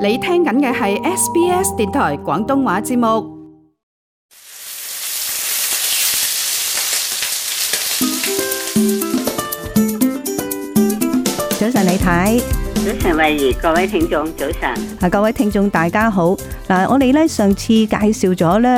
你聽緊嘅係 SBS 電台廣東話節目。早晨李太，早晨慧怡，各位聽眾，早晨，啊，各位聽眾大家好。嗱，我哋咧上次介紹咗咧，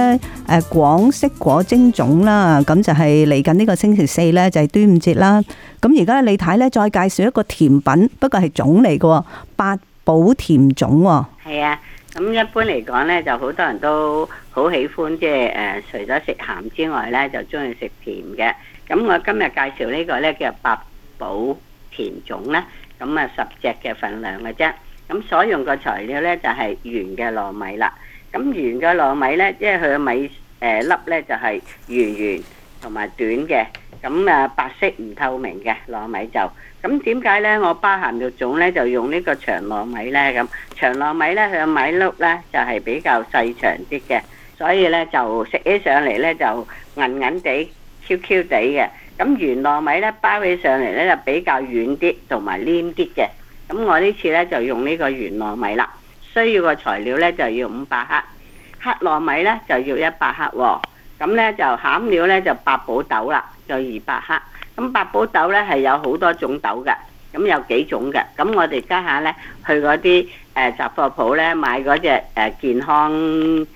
誒，廣式果蒸粽啦，咁就係嚟緊呢個星期四咧就係端午節啦。咁而家李太咧再介紹一個甜品，不過係粽嚟嘅，八。寶甜粽係啊，咁、啊、一般嚟講呢，就好多人都好喜歡即係誒、呃，除咗食鹹之外呢，就中意食甜嘅。咁我今日介紹呢個呢，叫八寶甜粽呢。咁啊十隻嘅份量嘅啫。咁所用嘅材料呢，就係、是、圓嘅糯米啦。咁圓嘅糯米呢，即係佢嘅米誒、呃、粒呢，就係、是、圓圓同埋短嘅。咁啊，白色唔透明嘅糯米就。咁點解呢？我包鹹肉粽呢，就用呢個長糯米呢，咁長糯米呢，佢個米粒呢，就係、是、比較細長啲嘅，所以呢，就食起上嚟呢，就韌韌地、Q Q 地嘅。咁圓糯米呢，包起上嚟呢，就比較軟啲同埋黏啲嘅。咁我呢次呢，就用呢個圓糯米啦。需要個材料呢，就要五百克，黑糯米呢，就要一百克。咁咧就餡料咧就八寶豆啦，就二百克。咁八寶豆咧係有好多種豆嘅，咁有幾種嘅。咁我哋家下咧去嗰啲誒雜貨鋪咧買嗰隻誒健康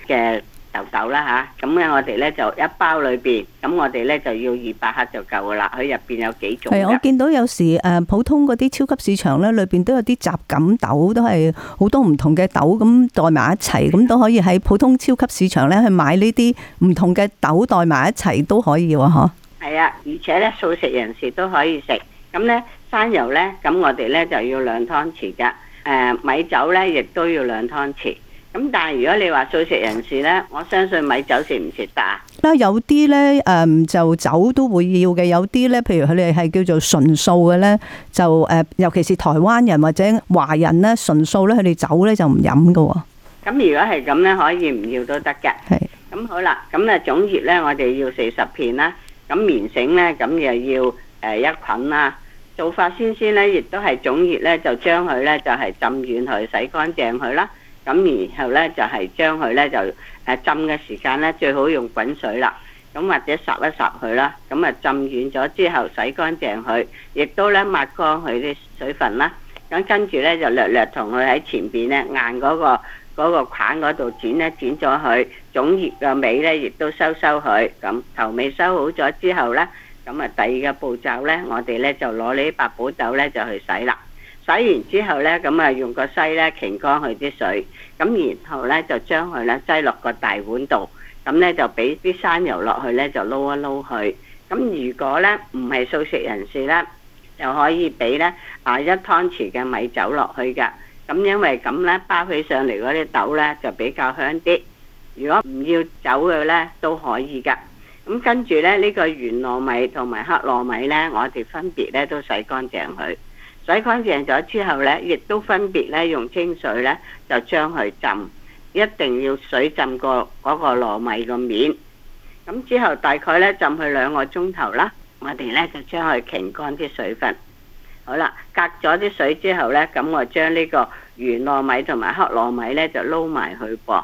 嘅。豆豆啦吓，咁、啊、咧我哋咧就一包裏邊，咁我哋咧就要二百克就夠噶啦。佢入邊有幾種？係我見到有時誒、啊、普通嗰啲超級市場咧，裏邊都有啲雜錦豆，都係好多唔同嘅豆咁袋埋一齊，咁都的可以喺普通超級市場咧去買呢啲唔同嘅豆袋埋一齊都可以喎，嚇、啊。係啊，而且咧素食人士都可以食。咁咧生油咧，咁我哋咧就要兩湯匙嘅誒、啊、米酒咧，亦都要兩湯匙。咁但係如果你話素食人士咧，我相信米酒食唔食得啊？啦，有啲咧誒，就酒都會要嘅；有啲咧，譬如佢哋係叫做純素嘅咧，就誒，尤其是台灣人或者華人咧，純素咧佢哋酒咧就唔飲㗎喎。咁如果係咁咧，可以唔要都得嘅。係。咁好啦，咁啊粽葉咧，我哋要四十片啦。咁棉繩咧，咁又要誒一捆啦。做法先先咧，亦都係粽葉咧，就將佢咧就係浸軟佢，洗乾淨佢啦。咁然後呢，就係、是、將佢呢，就誒浸嘅時間呢，最好用滾水啦，咁或者濕一濕佢啦，咁啊浸軟咗之後洗乾淨佢，亦都呢抹乾佢啲水分啦。咁跟住呢，就略略同佢喺前邊呢硬嗰個嗰個梗嗰度剪呢，嗰個嗰個、剪咗佢，總葉嘅尾呢，亦都收收佢。咁頭尾收好咗之後呢，咁啊第二個步驟呢，我哋呢，就攞呢啲白寶豆呢就去洗啦。洗完之後呢，咁啊用個篩呢擎乾佢啲水，咁然後呢就將佢呢擠落個大碗度，咁呢就俾啲山油落去呢，就撈一撈佢。咁如果呢唔係素食人士呢，就可以俾呢啊一湯匙嘅米酒落去㗎。咁因為咁呢包起上嚟嗰啲豆呢就比較香啲。如果唔要酒嘅呢，都可以㗎。咁跟住呢，呢，呢個圓糯米同埋黑糯米呢，我哋分別呢都洗乾淨佢。洗乾淨咗之後呢，亦都分別咧用清水呢，就將佢浸，一定要水浸過嗰個糯米個面。咁之後大概呢，浸去兩個鐘頭啦，我哋呢，就將佢傾乾啲水分。好啦，隔咗啲水之後呢，咁我將呢個圓糯米同埋黑糯米呢，就撈埋佢噃。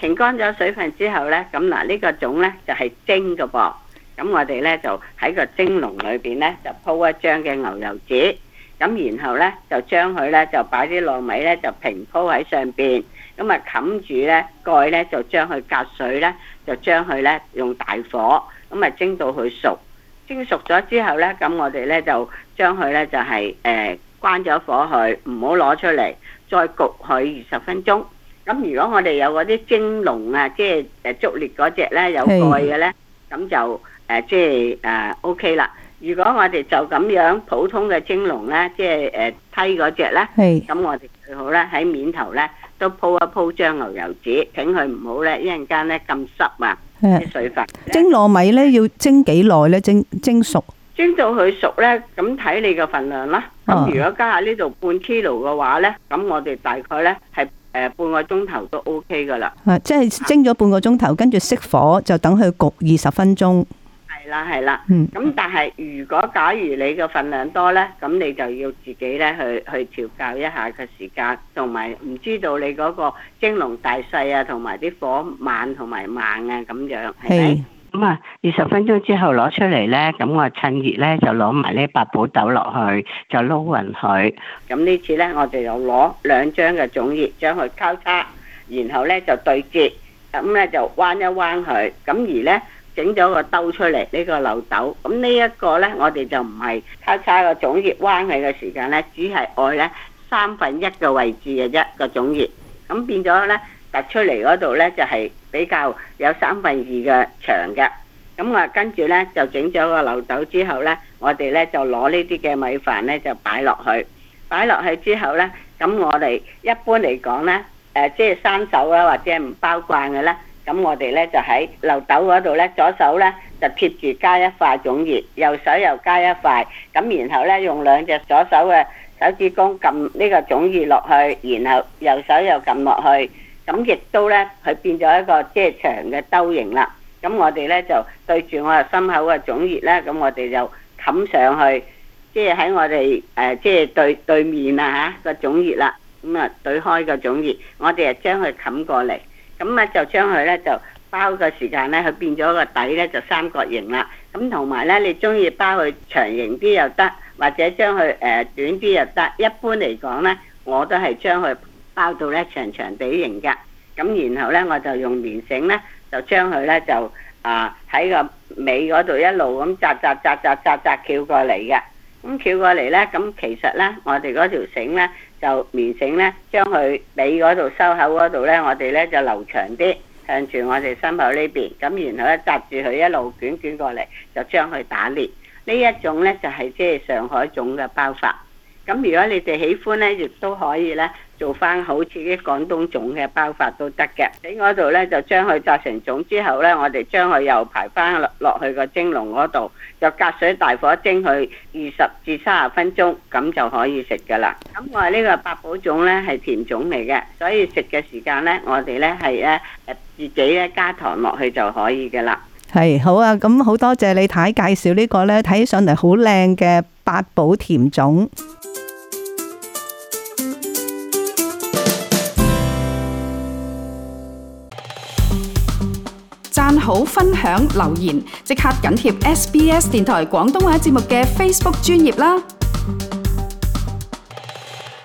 傾乾咗水分之後呢，咁嗱呢個粽呢，就係蒸嘅噃。咁我哋呢，就喺個蒸籠裏邊呢，就鋪一張嘅牛油紙。咁然後咧就將佢咧就擺啲糯米咧就平鋪喺上邊，咁啊冚住咧蓋咧就將佢隔水咧就將佢咧用大火咁啊蒸到佢熟。蒸熟咗之後咧咁我哋咧就將佢咧就係、是、誒關咗火去，唔好攞出嚟，再焗佢二十分鐘。咁如果我哋有嗰啲蒸籠的啊，即係誒竹烈嗰隻咧有蓋嘅咧，咁就誒即係誒 OK 啦。如果我哋就咁樣普通嘅蒸籠咧，即係誒批嗰隻咧，咁我哋最好咧喺面頭咧都鋪一鋪張牛油紙，等佢唔好咧一陣間咧咁濕啊啲水分。蒸糯米咧要蒸幾耐咧？蒸蒸熟？蒸到佢熟咧，咁睇你嘅份量啦。咁如果家下呢度半 kilo 嘅話咧，咁我哋大概咧係誒半個鐘頭都 OK 㗎喇。誒，即係蒸咗半個鐘頭，跟住熄火就等佢焗二十分鐘。啊，係啦，咁但係如果假如你嘅份量多咧，咁你就要自己咧去去調校一下個時間，同埋唔知道你嗰個蒸籠大細啊，同埋啲火猛同埋慢啊，咁樣係咪？咁啊，二十分鐘之後攞出嚟咧，咁我趁熱咧就攞埋啲八寶豆落去，就撈勻佢。咁呢次咧，我哋又攞兩張嘅粽葉，將佢交叉，然後咧就對折，咁咧就彎一彎佢，咁而咧。整咗個兜出嚟呢、呢個漏斗。咁呢一個呢，我哋就唔係交叉個粽葉彎起嘅時間呢，只係外呢三分一嘅位置嘅啫個粽葉，咁變咗呢凸出嚟嗰度呢，就係、係、比較有三分二嘅長嘅。咁啊跟住呢，就整咗個漏斗之後呢，我哋呢就攞呢啲嘅米飯呢，就擺落去，擺落去之後呢，咁我哋一般嚟講呢，誒即係生手啦，或者係唔包慣嘅呢。咁我哋咧就喺漏斗嗰度咧，左手咧就貼住加一塊粽葉，右手又加一塊。咁然後咧用兩隻左手嘅手指公撳呢個粽葉落去，然後右手又撳落去。咁亦都咧佢變咗一個即係長嘅兜形啦。咁我哋咧就對住我心口嘅粽葉啦。咁我哋就冚上去，即係喺我哋誒即係對對面啊嚇個粽葉啦。咁啊對開個粽葉，我哋就將佢冚過嚟。咁啊，就將佢咧就包個時間咧，佢變咗個底咧就、pues、三角形啦。咁同埋咧，你中意包佢長形啲又得，或者將佢誒短啲又得。一般嚟講咧，我都係將佢包到咧長長地形㗎。咁然後咧，我就用棉繩咧，就將佢咧就啊喺、呃、個尾嗰度一路咁紮扎扎扎扎紮翹過嚟嘅。咁翹過嚟咧，咁其實咧，我哋嗰條繩咧。就棉繩咧，將佢尾嗰度收口嗰度咧，我哋咧就留長啲，向住我哋心口呢邊，咁然後咧紮住佢一路捲捲過嚟，就將佢打裂。呢一種咧就係即係上海粽嘅包法。咁如果你哋喜歡咧，亦都可以咧做翻好似啲廣東粽嘅包法都得嘅。喺嗰度咧就將佢紮成粽之後咧，我哋將佢又排翻落落去個蒸籠嗰度，又隔水大火蒸佢二十至三十分鐘，咁就可以食噶啦。咁我呢個八寶粽咧係甜粽嚟嘅，所以食嘅時間咧，我哋咧係咧誒自己咧加糖落去就可以嘅啦。係好啊！咁好多謝你太介紹呢個咧，睇起上嚟好靚嘅八寶甜粽。好，分享留言，即刻緊貼 SBS 電台廣東話節目嘅 Facebook 專頁啦！